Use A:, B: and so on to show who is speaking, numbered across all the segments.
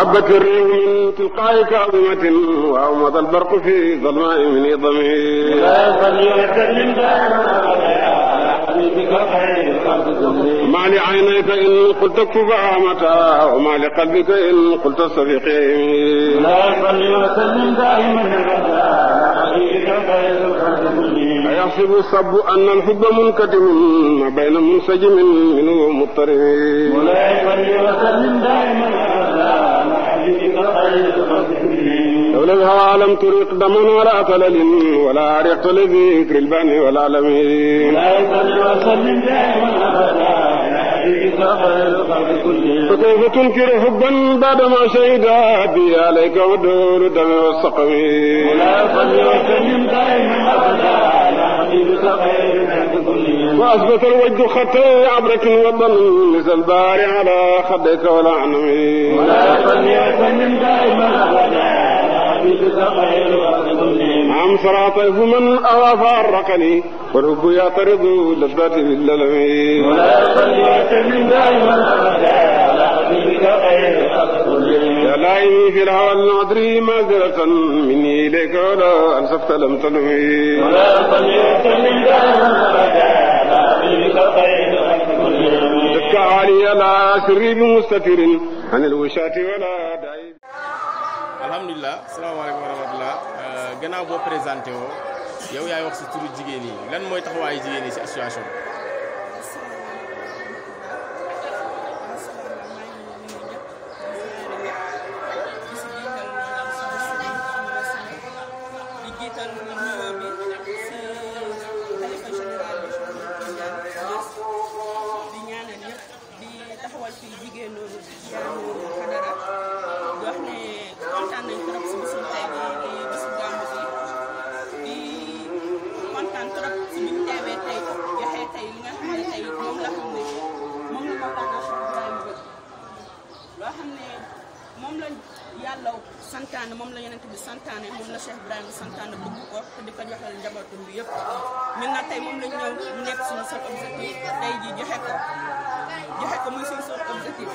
A: هبت الريح من تلقاء كاظمة وأومض البرق في ظلماء من ضمير ما لعينيك إن قلت كفها متى وما لقلبك إن قلت صديقي لا يصلي وسلم دائما الصاحب الصب أن الحب منكتم ما بين منسجم منه ومضطرب مولاي صل وسلم دائما أبدا على حبيبك خير الخلق لولا الهوى لم تريق دما ولا طلل ولا عرقت لذكر البان والعلم مولاي صل وسلم دائما أبدا فكيف تنكر حبا بعدما شهد بي عليك ودور دم والسقم ولا صل وسلم أثبت الوجد خطي عبرة وضل مثل الباري على خديك ولا عنوي ولا يصلي ويسلم دائما أبدا عم صرع طيف من أوى فارقني والحب يعترض لذات بالللم ولا يصلي ويسلم دائما أبدا يا لائمي في الهوى النعدري معذرة مني إليك ولا أنسفت لم تنمي ولا sirri bi mustatirin anil wushaati wala daay
B: alhamdulilah salaamaaleykum wa rahmatulah euh, gannaaw boo présenté woo yow yaay wax si turu jigéen yi lan mooy taxawaayu jigéen yi si association
C: bi yàlla santaane moom la yonent bi santaane moom la Cheikh Ibrahima santaane bëgg ko te di ko joxal njabootam bi yëpp ñun nag tey moom lañ ñëw mu nekk suñu seul objectif tey ji joxe ko joxe suñu seul objectif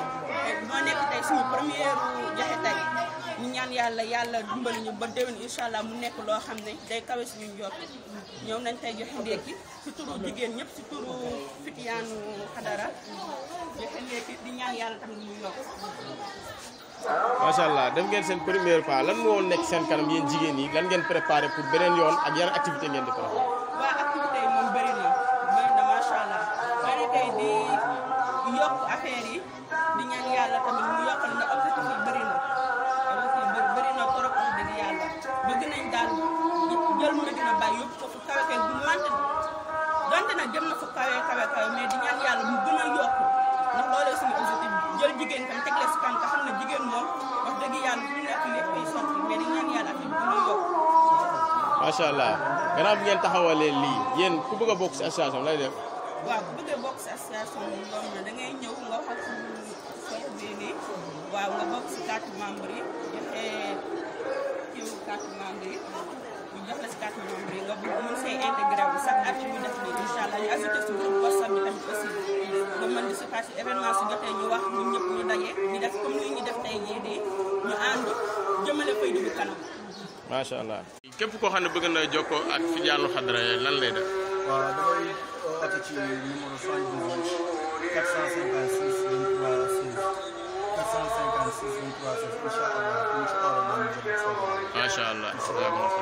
C: moo nekk tey suñu première joxe tey ñu ñaan yàlla yàlla dimbali ñu ba déwén incha allah mu nekk loo xam ne day kawe ñu njort ñoom nañ tey joxe ndékki si turu jigéen ñëpp si turu fitiyaanu xadara joxe ndékki di ñaan yàlla tamit mu yokk macha
B: allah def ngeen seen première fois lan moo nekk seen kanam yéen jigéen ñi lan ngeen préparé pour beneen yoon ak yan activité ngeen di préparé.
C: waaw activité yi moom bëri na bëri na allah bëri tey di yokk affaire yi di ñaan yàlla tamit mu yokkal na na objectif yi bëri na trop wax nañ daal jël mën a gën a bàyyi yóbbu ko fu kawe kawe bu wante donte nag na fu kawe kawe kawe mais di ñaan yàlla mu macha allah gannaaw bi ngeen
B: taxawalee lii yéen ku bëgg bokk si association lay def.
C: waaw ku bëgg bokk si association bi na da ñëw nga wax sox si carte jox la si carte membre yi nga bëgg mën see intégré wu chaque at ñu def allah ñu ajouté si groupe WhatsApp bi tamit aussi nga mën di daje ñu def comme ni ñu def tey jii nii ñu ànd jëmale fay dugg kanam.
B: macha allah. képp koo xam ne bëgg naa jokkoo ak Fidiane Khadra lan lay def. waaw damay oote allah.